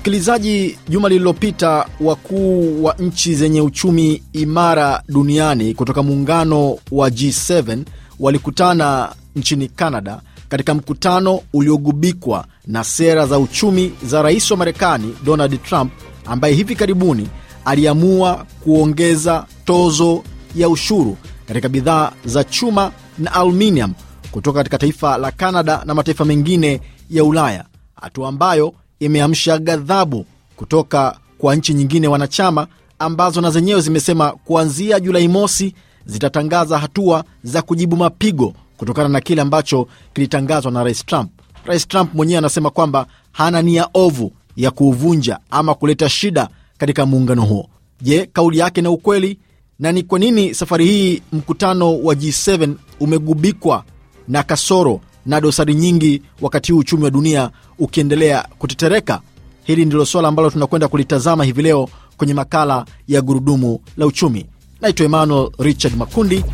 Msikilizaji, juma lililopita wakuu wa nchi zenye uchumi imara duniani kutoka muungano wa G7 walikutana nchini Canada katika mkutano uliogubikwa na sera za uchumi za rais wa Marekani Donald Trump ambaye hivi karibuni aliamua kuongeza tozo ya ushuru katika bidhaa za chuma na aluminium kutoka katika taifa la Canada na mataifa mengine ya Ulaya, hatua ambayo imeamsha ghadhabu kutoka kwa nchi nyingine wanachama ambazo na zenyewe zimesema kuanzia Julai mosi zitatangaza hatua za kujibu mapigo kutokana na kile ambacho kilitangazwa na Rais Trump. Rais Trump mwenyewe anasema kwamba hana nia ovu ya kuuvunja ama kuleta shida katika muungano huo. Je, kauli yake na ukweli? Na ni kwa nini safari hii mkutano wa G7 umegubikwa na kasoro na dosari nyingi, wakati huu uchumi wa dunia ukiendelea kutetereka. Hili ndilo suala ambalo tunakwenda kulitazama hivi leo kwenye makala ya Gurudumu la Uchumi. Naitwa Emmanuel Richard Makundi.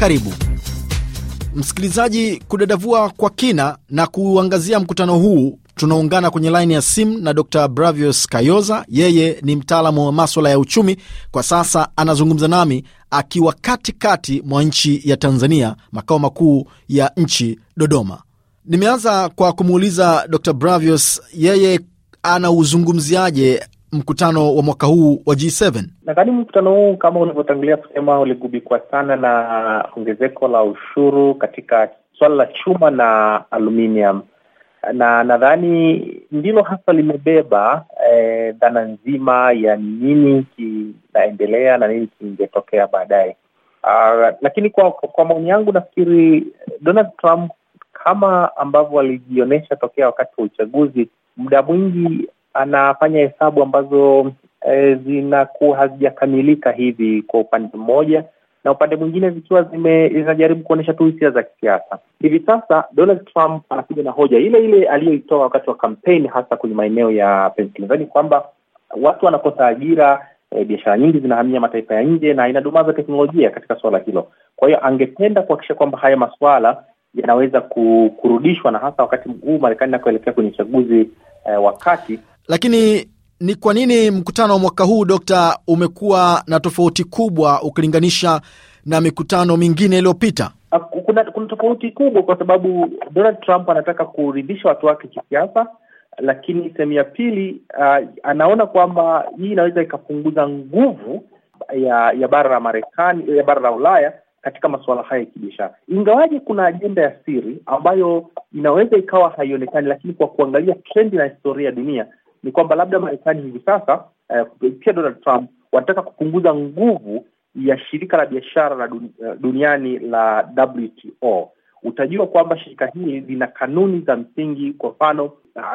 Karibu msikilizaji, kudadavua kwa kina na kuangazia mkutano huu tunaungana kwenye laini ya simu na Dr Bravios Kayoza. Yeye ni mtaalamu wa maswala ya uchumi, kwa sasa anazungumza nami akiwa katikati mwa nchi ya Tanzania, makao makuu ya nchi Dodoma. Nimeanza kwa kumuuliza Dr Bravios, yeye anauzungumziaje mkutano wa mwaka huu wa G7? Nadhani mkutano huu kama ulivyotangulia kusema uligubikwa sana na ongezeko la ushuru katika swala la chuma na aluminium na nadhani ndilo hasa limebeba eh, dhana nzima ya nini kinaendelea na nini kingetokea baadaye. Uh, lakini kwa, kwa maoni yangu nafikiri Donald Trump kama ambavyo alijionyesha tokea wakati wa uchaguzi, muda mwingi anafanya hesabu ambazo eh, zinakuwa hazijakamilika hivi kwa upande mmoja na upande mwingine zikiwa zinajaribu kuonyesha tu hisia za kisiasa. Hivi sasa Donald Trump anakuja na hoja ile ile aliyoitoa wakati wa kampeni, hasa kwenye maeneo ya Pennsylvania kwamba watu wanakosa ajira e, biashara nyingi zinahamia mataifa ya nje na inadumaza teknolojia katika suala hilo. Kwa hiyo angependa kuhakikisha kwamba haya masuala yanaweza kurudishwa na hasa wakati mkuu Marekani inakoelekea kwenye uchaguzi e, eh, wakati lakini ni kwa nini mkutano wa mwaka huu Dokta umekuwa na tofauti kubwa ukilinganisha na mikutano mingine iliyopita? Ah, kuna, kuna tofauti kubwa kwa sababu Donald Trump anataka kuridhisha watu wake kisiasa, lakini sehemu ya pili uh, anaona kwamba hii inaweza ikapunguza nguvu ya ya bara la Marekani, ya bara la Ulaya katika masuala haya ya kibiashara, ingawaje kuna ajenda ya siri ambayo inaweza ikawa haionekani, lakini kwa kuangalia trendi na historia ya dunia ni kwamba labda Marekani hivi sasa eh, kupitia Donald Trump wanataka kupunguza nguvu ya shirika la biashara la eh, duniani la WTO. Utajua kwamba shirika hili lina kanuni za msingi, kwa mfano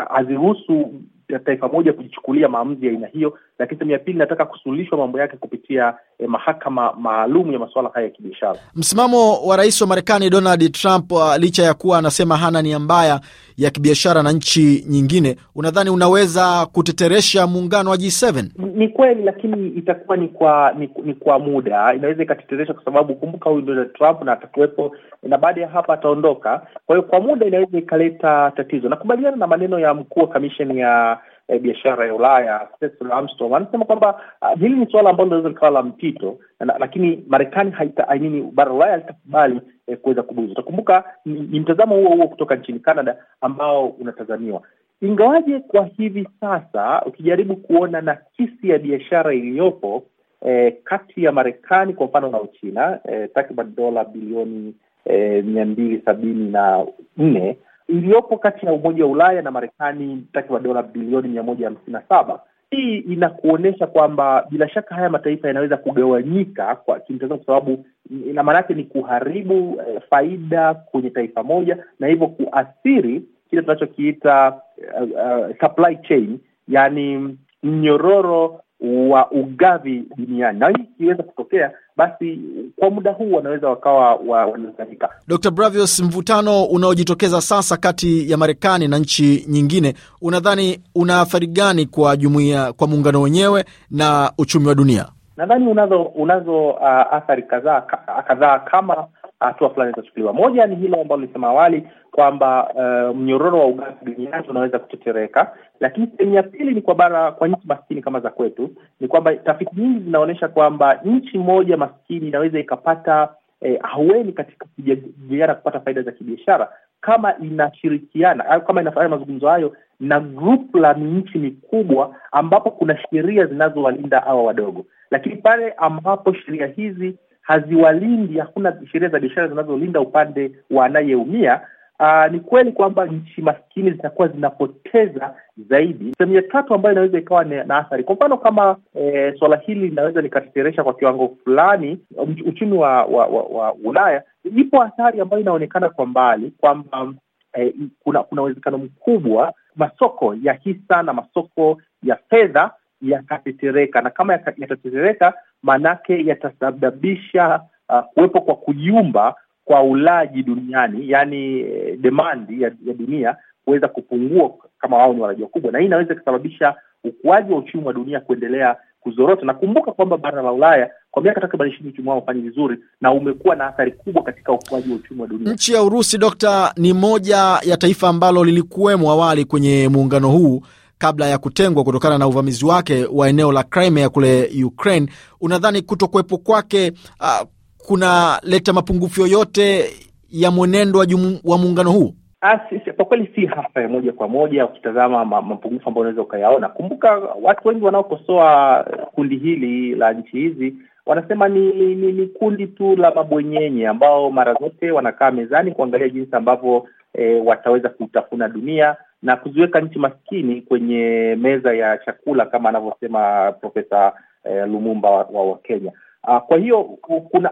haziruhusu taifa moja kujichukulia maamuzi ya aina hiyo, lakini sehemu ya pili inataka kusuluhishwa mambo yake kupitia e, mahakama maalum ya masuala haya ya kibiashara. Msimamo wa rais wa Marekani Donald Trump, uh, licha ya kuwa anasema hana nia mbaya ya kibiashara na nchi nyingine, unadhani unaweza kuteteresha muungano wa G7? Ni kweli, lakini itakuwa ni kwa ni, ni kwa muda, inaweza ikateteresha kwa sababu kumbuka, huyu Donald Trump na atakuwepo na baada ya hapa ataondoka. Kwa hiyo kwa muda inaweza ikaleta tatizo. Nakubaliana na maneno ya mkuu wa kamisheni ya e, biashara ya Ulaya Cecil Armstrong anasema kwamba ah, hili ni suala ambalo linaweza likawa la mpito, lakini Marekani haita bara Ulaya halitakubali e, kuweza kubuza. Utakumbuka ni, ni mtazamo huo huo kutoka nchini Canada ambao unatazamiwa ingawaje kwa hivi sasa ukijaribu kuona nakisi ya biashara iliyopo eh, kati ya Marekani kwa mfano na Uchina eh, takriban dola bilioni eh, mia mbili sabini na nne iliyopo kati ya Umoja wa Ulaya na Marekani takriban dola bilioni mia moja hamsini na saba. Hii inakuonyesha kwamba bila shaka haya mataifa yanaweza kugawanyika kwa kimtazamo, kwa sababu ina maana yake ni kuharibu e, faida kwenye taifa moja na hivyo kuathiri kile tunachokiita uh, uh, supply chain, yani mnyororo wa ugavi duniani, na hii ikiweza kutokea basi kwa muda huu wanaweza wakawa wananufaika. Dr. Bravios, mvutano unaojitokeza sasa kati ya Marekani na nchi nyingine unadhani una athari gani kwa jumuiya, kwa muungano wenyewe na uchumi wa dunia? Nadhani unazo unazo uh, athari kadhaa kadhaa kama hatua fulani zitachukuliwa. Moja ni hilo ambalo nilisema awali kwamba uh, mnyororo wa ugavi duniani unaweza kutetereka, lakini sehemu ya pili ni kwa bara, kwa nchi maskini kama za kwetu, ni kwamba tafiti nyingi zinaonyesha kwamba nchi moja maskini inaweza ikapata eh, ahueni katika kujiana kupata faida za kibiashara kama inashirikiana au kama inafanya mazungumzo hayo na grupu la nchi mikubwa ambapo kuna sheria zinazowalinda hawa wadogo, lakini pale ambapo sheria hizi haziwalindi, hakuna sheria za biashara zinazolinda upande wa anayeumia. Uh, ni kweli kwamba nchi maskini zitakuwa zinapoteza zaidi. Sehemu ya tatu ambayo inaweza ikawa na athari, kwa mfano kama e, eh, suala hili linaweza likateteresha kwa kiwango fulani uchumi wa wa, wa, wa Ulaya, ipo athari ambayo inaonekana kwa mbali kwamba e, kuna kuna uwezekano mkubwa masoko ya hisa na masoko ya fedha yakatetereka, na kama yatatetereka, maanake yatasababisha uh, kuwepo kwa kujumba kwa ulaji duniani, yaani eh, demandi ya, ya dunia kuweza kupungua kama wao ni walaji wakubwa, na hii inaweza ikasababisha ukuaji wa uchumi wa dunia kuendelea kuzorota. Nakumbuka kwamba bara la Ulaya kwa miaka takriban ishirini uchumi wao ufanyi vizuri na umekuwa na athari kubwa katika ukuaji wa uchumi wa dunia. Nchi ya Urusi, Dokta, ni moja ya taifa ambalo lilikuwemo awali kwenye muungano huu kabla ya kutengwa kutokana na uvamizi wake wa eneo la Crimea kule Ukraine. Unadhani kutokuwepo kwake uh, kunaleta mapungufu yoyote ya mwenendo wa, muungano huu? Ah, kwa kweli si hapa moja kwa moja, ukitazama mapungufu ambayo unaweza ukayaona. Kumbuka watu wengi wanaokosoa kundi hili la nchi hizi wanasema ni, ni, ni kundi tu la mabwenyenye ambao mara zote wanakaa mezani kuangalia jinsi ambavyo e, wataweza kutafuna dunia na kuziweka nchi maskini kwenye meza ya chakula kama anavyosema Profesa eh, Lumumba wa, wa, Kenya. uh, kwa hiyo kuna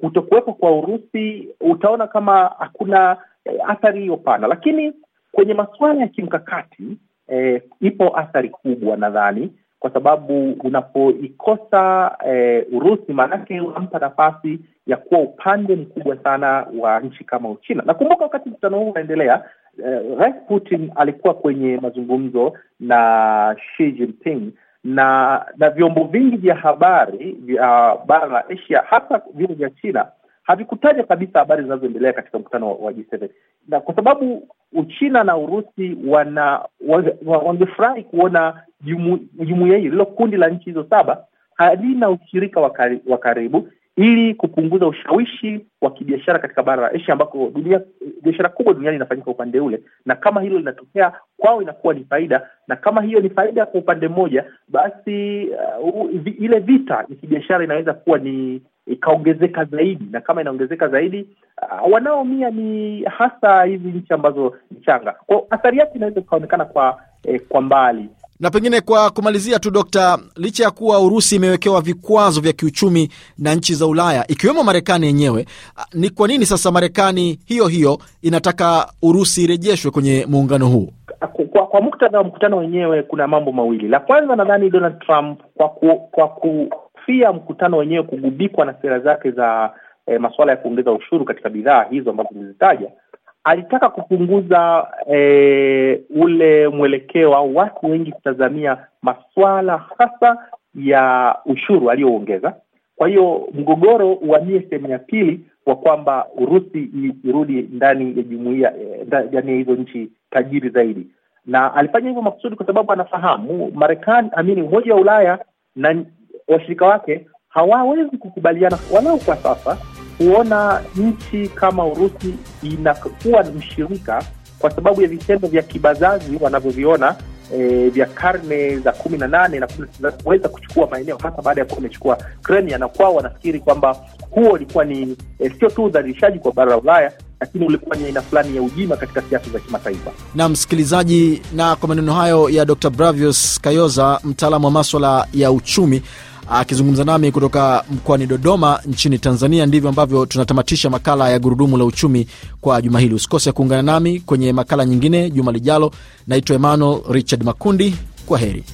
kutokuwepo kwa Urusi utaona kama hakuna eh, athari hiyo pana, lakini kwenye masuala ya kimkakati eh, ipo athari kubwa nadhani, kwa sababu unapoikosa eh, Urusi maanake unampa nafasi ya kuwa upande mkubwa sana wa nchi kama Uchina. Nakumbuka wakati mkutano huu unaendelea eh, Rais Putin alikuwa kwenye mazungumzo na Xi Jinping na na vyombo vingi vya habari vya ah, bara la Asia hasa vile vya China havikutaja kabisa habari zinazoendelea katika mkutano wa G7, na kwa sababu Uchina na Urusi wana wangefurahi kuona jumuiya hii lilo kundi la nchi hizo saba halina ushirika wa karibu ili kupunguza ushawishi wa kibiashara katika bara la Asia ambako dunia biashara kubwa duniani inafanyika upande ule, na kama hilo linatokea kwao inakuwa ni faida, na kama hiyo ni faida kwa upande mmoja, basi uh, ile vita ya kibiashara inaweza kuwa ni ikaongezeka zaidi, na kama inaongezeka zaidi, uh, wanaoumia ni hasa hizi nchi ambazo ni changa. Kwa athari yake inaweza ikaonekana kwa eh, kwa mbali na pengine kwa kumalizia tu Dokta, licha ya kuwa Urusi imewekewa vikwazo vya kiuchumi na nchi za Ulaya ikiwemo Marekani yenyewe, ni kwa nini sasa Marekani hiyo hiyo inataka Urusi irejeshwe kwenye muungano huu? Kwa, kwa muktadha wa mkutano wenyewe kuna mambo mawili. La kwanza, nadhani Donald Trump kwa ku, kwa kufia mkutano wenyewe kugubikwa na sera zake za eh, masuala ya kuongeza ushuru katika bidhaa hizo ambazo nimezitaja alitaka kupunguza e, ule mwelekeo au watu wengi kutazamia maswala hasa ya ushuru aliyoongeza. Kwa hiyo mgogoro uamie sehemu ya pili wa kwamba Urusi irudi ndani ya jumuia eh, ndani ya hizo nchi tajiri zaidi, na alifanya hivyo makusudi kwa sababu anafahamu Marekani amini Umoja wa Ulaya na washirika wake hawawezi kukubaliana walau kwa sasa kuona nchi kama Urusi inakuwa mshirika kwa sababu ya vitendo vya kibazazi wanavyoviona e, vya karne za kumi na nane na kuweza kuchukua maeneo hasa baada ya kuwa imechukua Crimea, na kwao wanafikiri kwamba huo ulikuwa ni e, sio tu udhalilishaji kwa bara la Ulaya lakini ulikuwa ni aina fulani ya ujima katika siasa za kimataifa. Na msikilizaji, na kwa maneno hayo ya Dr. Bravius Kayoza, mtaalamu wa maswala ya uchumi akizungumza nami kutoka mkoani Dodoma nchini Tanzania. Ndivyo ambavyo tunatamatisha makala ya Gurudumu la Uchumi kwa juma hili. Usikose kuungana nami kwenye makala nyingine juma lijalo. Naitwa Emmanuel Richard Makundi. Kwa heri.